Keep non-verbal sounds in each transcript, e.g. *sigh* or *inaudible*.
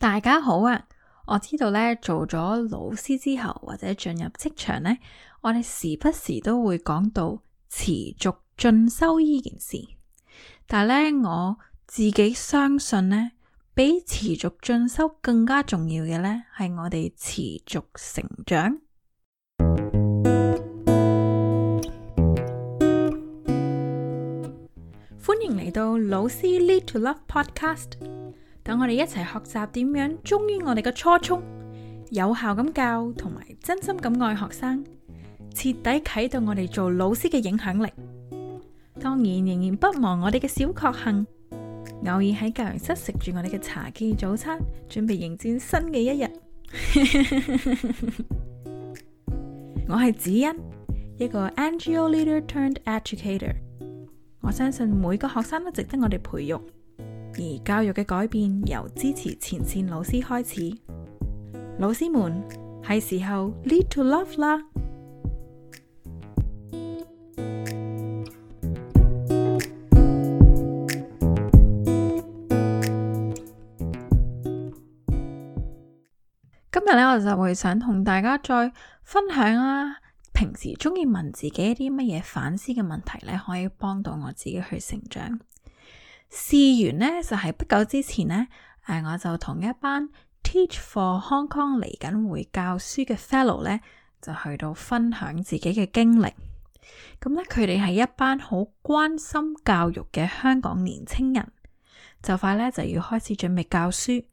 大家好啊！我知道呢，做咗老師之後或者進入職場呢，我哋時不時都會講到持續進修呢件事。但係呢，我自己相信呢，比持續進修更加重要嘅呢，係我哋持續成長。歡迎嚟到老師 Lead to Love Podcast。等我哋一齊學習點樣忠於我哋嘅初衷，有效咁教同埋真心咁愛學生，徹底啟動我哋做老師嘅影響力。當然，仍然不忘我哋嘅小確幸，偶爾喺教研室食住我哋嘅茶記早餐，準備迎戰新嘅一日。 *laughs* 我係子欣，一個 NGO leader turned educator。Turn ed educ 我相信每個學生都值得我哋培育。而教育嘅改變由支持前線老師開始，老師們係時候 lead to love 啦。今日呢，我就會想同大家再分享啦、啊，平時中意問自己一啲乜嘢反思嘅問題呢，可以幫到我自己去成長。事源呢，就係、是、不久之前呢，誒，我就同一班 Teach for Hong Kong 嚟緊會教書嘅 Fellow 呢，就去到分享自己嘅經歷。咁、嗯、咧，佢哋係一班好關心教育嘅香港年青人，就快呢就要開始準備教書。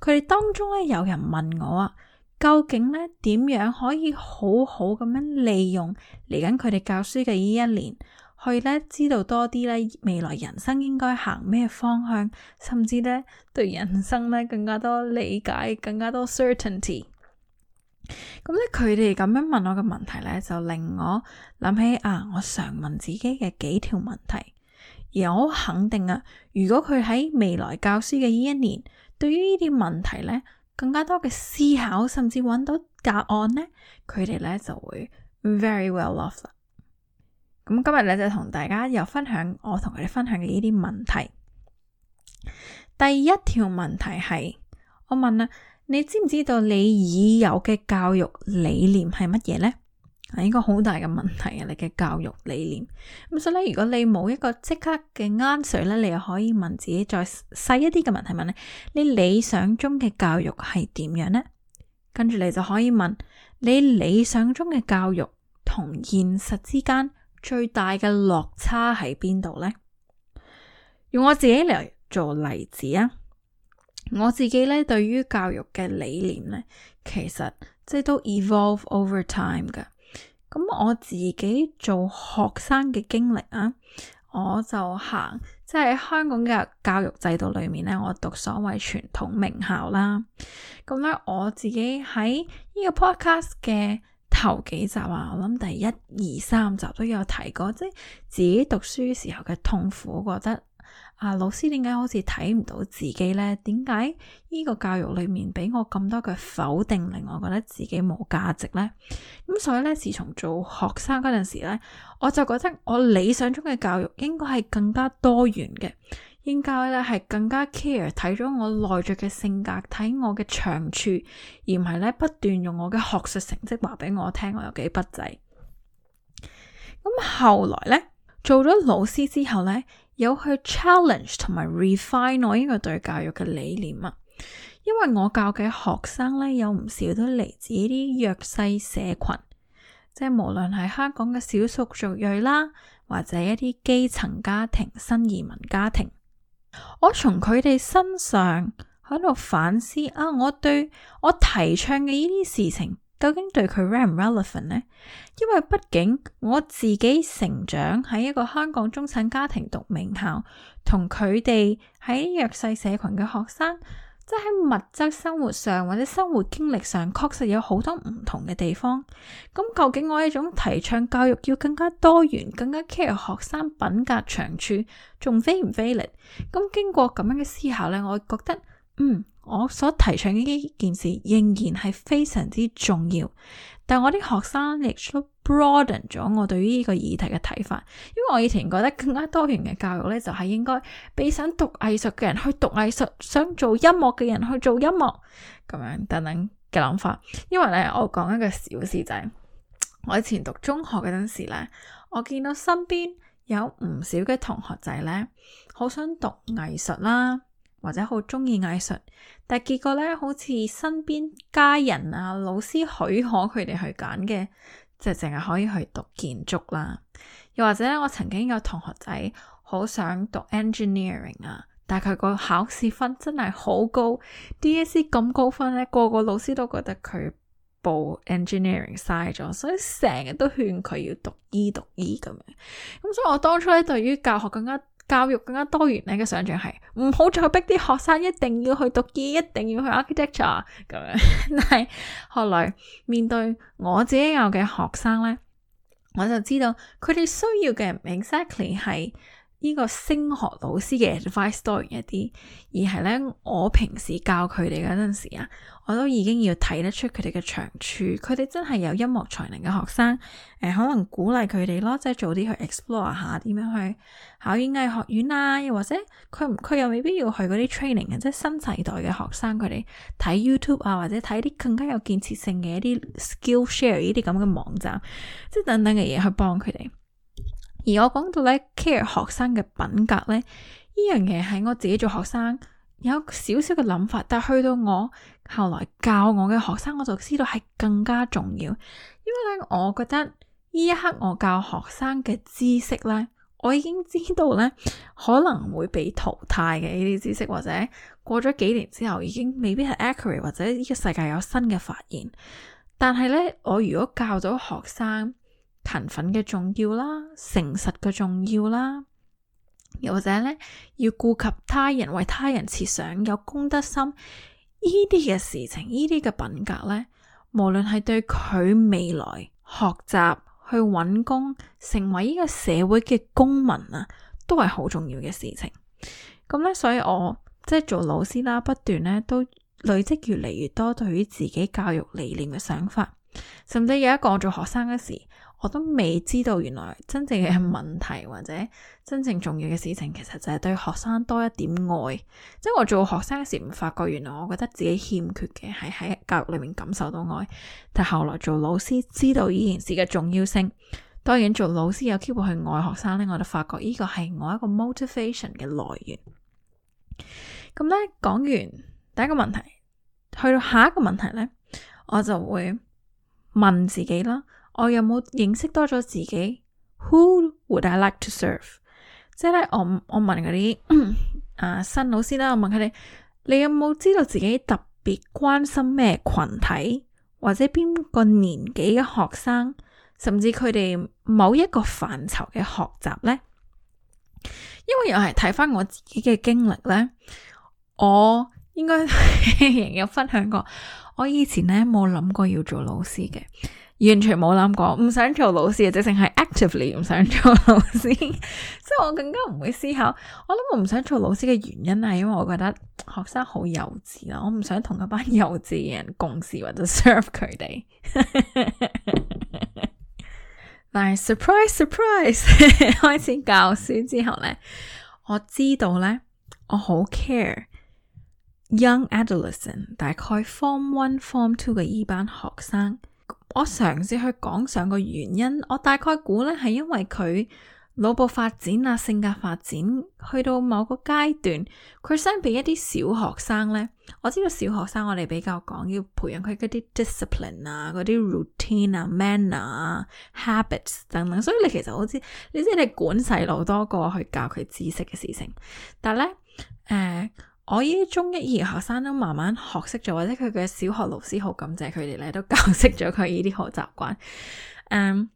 佢哋當中咧，有人問我啊，究竟呢點樣可以好好咁樣利用嚟緊佢哋教書嘅呢一年？可以咧知道多啲咧未來人生應該行咩方向，甚至咧對人生咧更加多理解，更加多 certainty。咁咧佢哋咁樣問我嘅問題咧，就令我諗起啊，我常問自己嘅幾條問題，而我好肯定啊，如果佢喺未來教書嘅呢一年，對於呢啲問題咧更加多嘅思考，甚至揾到答案咧，佢哋咧就會 very well off 啦。咁今日咧就同大家又分享我同佢哋分享嘅呢啲問題。第一條問題係我問啊，你知唔知道你已有嘅教育理念係乜嘢呢？係一個好大嘅問題啊！你嘅教育理念。咁所以如果你冇一個即刻嘅 answer 咧，你又可以問自己再細一啲嘅問題問你，你理想中嘅教育係點樣呢？跟住你就可以問你理想中嘅教育同現實之間。最大嘅落差喺邊度呢？用我自己嚟做例子啊！我自己咧對於教育嘅理念咧，其實即係都 evolve over time 噶。咁我自己做學生嘅經歷啊，我就行即係喺香港嘅教育制度裏面咧，我讀所謂傳統名校啦。咁咧我自己喺呢個 podcast 嘅。頭幾集啊，我諗第一二三集都有提過，即係自己讀書時候嘅痛苦，我覺得啊，老師點解好似睇唔到自己呢？點解呢個教育裏面俾我咁多嘅否定令，令我覺得自己冇價值呢？咁所以咧，自從做學生嗰陣時咧，我就覺得我理想中嘅教育應該係更加多元嘅。應該咧係更加 care 睇咗我內在嘅性格，睇我嘅長處，而唔係咧不斷用我嘅學術成績話俾我聽我有幾不濟。咁後來呢，做咗老師之後呢，有去 challenge 同埋 refine 我呢個對教育嘅理念啊，因為我教嘅學生呢，有唔少都嚟自呢啲弱勢社群，即係無論係香港嘅少數族裔啦，或者一啲基層家庭、新移民家庭。我從佢哋身上喺度反思啊，我對我提倡嘅呢啲事情究竟對佢 relevant 唔 relevant 呢？因為畢竟我自己成長喺一個香港中產家庭讀名校，同佢哋喺弱勢社群嘅學生。即係物質生活上或者生活經歷上，確實有好多唔同嘅地方。咁究竟我一種提倡教育要更加多元、更加 care 學生品格長處，仲飛唔飛力？咁經過咁樣嘅思考呢，我覺得嗯，我所提倡呢件事仍然係非常之重要。但我啲學生亦都 broaden 咗我對於呢個議題嘅睇法，因為我以前覺得更加多元嘅教育呢，就係應該俾想讀藝術嘅人去讀藝術，想做音樂嘅人去做音樂咁樣等等嘅諗法。因為呢，我講一個小事仔，我以前讀中學嗰陣時呢，我見到身邊有唔少嘅同學仔呢，好想讀藝術啦。或者好鍾意藝術，但結果咧，好似身邊家人啊、老師許可佢哋去揀嘅，就淨係可以去讀建築啦。又或者我曾經有同學仔好想讀 engineering 啊，但佢個考試分真係好高，DSE 咁高分咧，個個老師都覺得佢報 engineering 嘥咗，所以成日都勸佢要讀醫讀醫咁樣。咁、嗯、所以我當初咧，對於教學更加。教育更加多元，你嘅想象係，唔好再逼啲學生一定要去讀醫，一定要去 architecture 咁樣。但係後來面對我自己有嘅學生咧，我就知道佢哋需要嘅唔係 exactly 係。呢個升學老師嘅 advice Story 一啲，而係咧，我平時教佢哋嗰陣時啊，我都已經要睇得出佢哋嘅長處。佢哋真係有音樂才能嘅學生，誒、呃，可能鼓勵佢哋咯，即係早啲去 explore 下點樣去考演藝學院啊，又或者佢佢又未必要去嗰啲 training 啊，即係新時代嘅學生，佢哋睇 YouTube 啊，或者睇啲更加有建設性嘅一啲 skill share 呢啲咁嘅網站，即係等等嘅嘢去幫佢哋。而我講到咧，care 學生嘅品格咧，呢樣嘢係我自己做學生有少少嘅諗法，但去到我後來教我嘅學生，我就知道係更加重要，因為咧，我覺得呢一刻我教學生嘅知識咧，我已經知道咧可能會被淘汰嘅呢啲知識，或者過咗幾年之後已經未必係 accurate，或者呢個世界有新嘅發現，但係咧，我如果教咗學生。勤奮嘅重要啦，誠實嘅重要啦，又或者咧要顧及他人，為他人設想，有公德心，呢啲嘅事情，呢啲嘅品格咧，無論係對佢未來學習、去揾工、成為呢個社會嘅公民啊，都係好重要嘅事情。咁咧，所以我即係、就是、做老師啦，不斷咧都累積越嚟越多對於自己教育理念嘅想法，甚至有一個我做學生嘅時。我都未知道，原來真正嘅問題或者真正重要嘅事情，其實就係對學生多一點愛。即係我做學生嘅時，唔發覺原來我覺得自己欠缺嘅係喺教育裏面感受到愛。但後來做老師，知道呢件事嘅重要性。當然做老師有 keep 去愛學生呢，我就發覺呢個係我一個 motivation 嘅來源。咁咧，講完第一個問題，去到下一個問題呢，我就會問自己啦。我有冇認識多咗自己？Who would I like to serve？即係咧，我我問嗰啲 *coughs* 啊新老師啦，我問佢哋：你有冇知道自己特別關心咩群體，或者邊個年紀嘅學生，甚至佢哋某一個範疇嘅學習呢？因為又係睇翻我自己嘅經歷呢。我應該仍 *laughs* 有分享過，我以前呢，冇諗過要做老師嘅。完全冇諗過，唔想做老師，即係 actively 唔想做老師， *laughs* 所以我更加唔會思考。我諗我唔想做老師嘅原因係，因為我覺得學生好幼稚啦，我唔想同嗰班幼稚嘅人共事或者 serve 佢哋。 *laughs* 但係 surprise surprise，開始教書之後咧，我知道咧，我好 care young adolescent，大概 form one form two 嘅依班學生。我嘗試去講上個原因，我大概估咧係因為佢腦部發展啊、性格發展去到某個階段，佢相比一啲小學生咧，我知道小學生我哋比較講要培養佢嗰啲 discipline 啊、嗰啲 routine 啊、manner 啊、habits 等等，所以你其實好似你知你管細路多過去教佢知識嘅事情，但係咧誒。Uh, 我呢啲中一二學生都慢慢學識咗，或者佢嘅小學老師好感謝佢哋咧，都教識咗佢呢啲學習習慣。Um,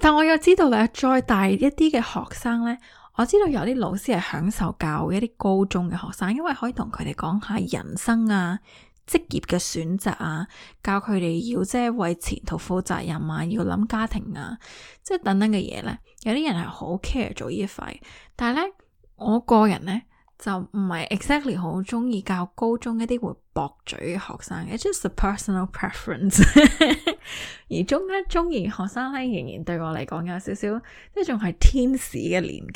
但我又知道咧，再大一啲嘅學生咧，我知道有啲老師係享受教一啲高中嘅學生，因為可以同佢哋講下人生啊、職業嘅選擇啊，教佢哋要即係為前途負責任啊，要諗家庭啊，即係等等嘅嘢咧。有啲人係好 care 做呢一塊，但係咧，我個人咧。就唔係 exactly 好鍾意教高中一啲會駁嘴嘅學生嘅，It's just a personal preference。 *laughs* 而中一中二學生咧，仍然對我嚟講有少少，即係仲係天使嘅年紀。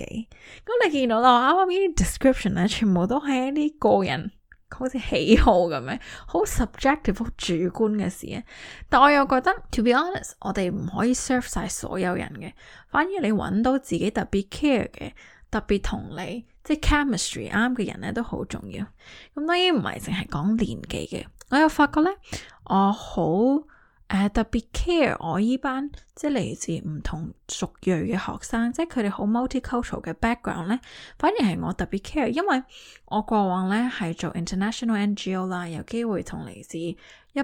咁你見到啦，啱啱呢啲 description 咧，全部都係一啲個人好似喜好咁樣，好 subjective、主觀嘅事啊。但我又覺得，to be honest，我哋唔可以 serve 晒所有人嘅，反而你揾到自己特別 care 嘅，特別同你。即係 chemistry 啱嘅人咧都好重要，咁當然唔係淨係講年紀嘅。我又發覺咧，我好誒特別 care 我呢班即係嚟自唔同族裔嘅學生，即係佢哋好 multicultural 嘅 background 咧，反而係我特別 care，因為我過往咧係做 international NGO 啦，有機會同嚟自一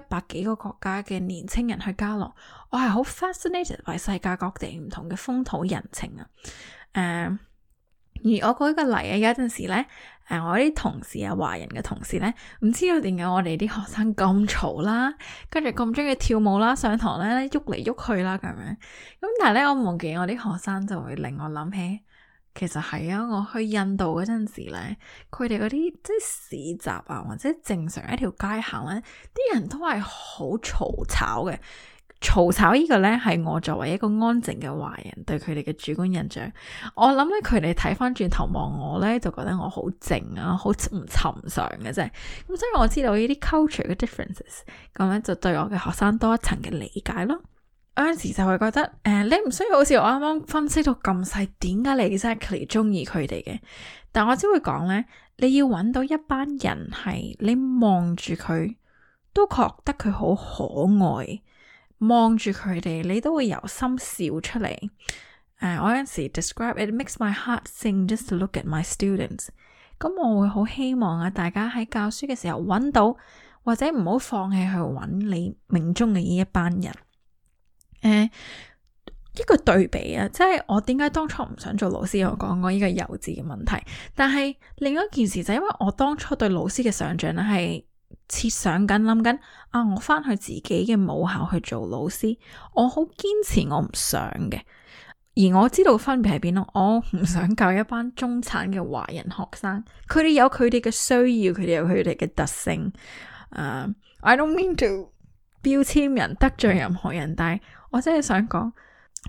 百幾個國家嘅年輕人去交流，我係好 fascinated 為世界各地唔同嘅風土人情啊，誒、嗯。而我舉一個例啊，有陣時咧，誒，我啲同事啊，華人嘅同事咧，唔知道點解我哋啲學生咁嘈啦，跟住咁鍾意跳舞啦，上堂咧喐嚟喐去啦咁樣。咁但係咧，我望見我啲學生就會令我諗起，其實係啊，我去印度嗰陣時咧，佢哋嗰啲即係市集啊，或者正常一條街行咧，啊，啲人都係好嘈吵嘅。嘈吵呢個呢，係我作為一個安靜嘅華人對佢哋嘅主觀印象。我諗呢，佢哋睇翻轉頭望我呢，就覺得我好靜啊，好唔尋常嘅啫。咁所以我知道呢啲 culture 嘅 differences，咁呢就對我嘅學生多一層嘅理解咯。有時就會覺得誒、呃，你唔需要好似我啱啱分析到咁細，點解你 exactly 中意佢哋嘅？但我只會講呢，你要揾到一班人係你望住佢都覺得佢好可愛。望住佢哋，你都會由心笑出嚟。誒、uh，我有時 describe，it makes my heart sing just to look at my students、嗯。咁我會好希望啊，大家喺教書嘅時候揾到，或者唔好放棄去揾你命中嘅呢一班人。誒、uh，一個對比啊，即係我點解當初唔想做老師，我講過呢個幼稚嘅問題。但係另一件事就係，因為我當初對老師嘅想象咧係。設想緊諗緊啊，我翻去自己嘅母校去做老師，我好堅持我唔想嘅。而我知道分別喺邊咯，我唔想教一班中產嘅華人學生，佢哋有佢哋嘅需要，佢哋有佢哋嘅特性。誒、uh，I don't mean to 標籤人，得罪任何人，但係我真係想講。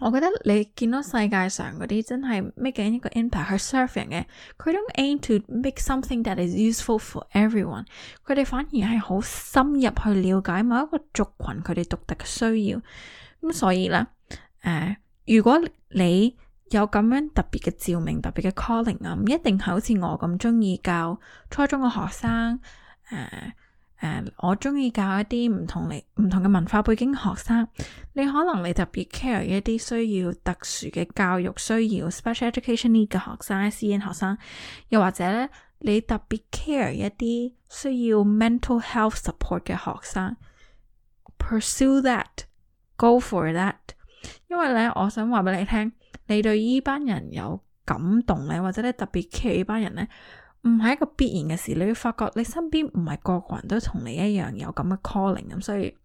我覺得你見到世界上嗰啲真係 make 緊一個 impact 去 s u r v n g 嘅，佢都 aim to make something that is useful for everyone。佢哋反而係好深入去了解某一個族群佢哋獨特嘅需要。咁所以呢，誒、呃，如果你有咁樣特別嘅照明，特別嘅 calling 啊，唔一定係好似我咁中意教初中嘅學生誒。呃 Uh, 我中意教一啲唔同唔同嘅文化背景學生，你可能你特別 care 一啲需要特殊嘅教育需要 （special education） 呢嘅學生、C.E.N. 學生，又或者咧你特別 care 一啲需要 mental health support 嘅學生，pursue that，go for that，因為咧我想話俾你聽，你對呢班人有感動咧，或者咧特別 care 呢班人咧。唔係一個必然嘅事，你會發覺你身邊唔係個個人都同你一樣有咁嘅 calling 咁，所以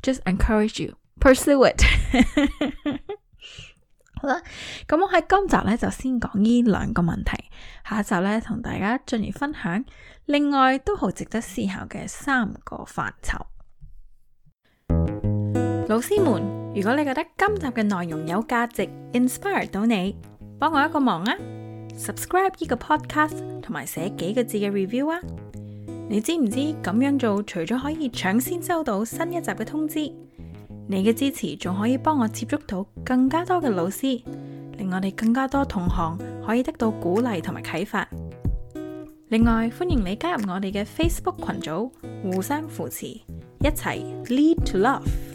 just encourage you pursue it *laughs* 好。好啦，咁我喺今集呢就先講呢兩個問題，下一集呢，同大家進而分享另外都好值得思考嘅三個範疇。老師們，如果你覺得今集嘅內容有價值，inspire 到你，幫我一個忙啊！Subscribe 呢個 Podcast 同埋寫幾個字嘅 review 啊！你知唔知咁樣做除咗可以搶先收到新一集嘅通知，你嘅支持仲可以幫我接觸到更加多嘅老師，令我哋更加多同行可以得到鼓勵同埋啟發。另外，歡迎你加入我哋嘅 Facebook 群組，互相扶持，一齊 Lead to Love。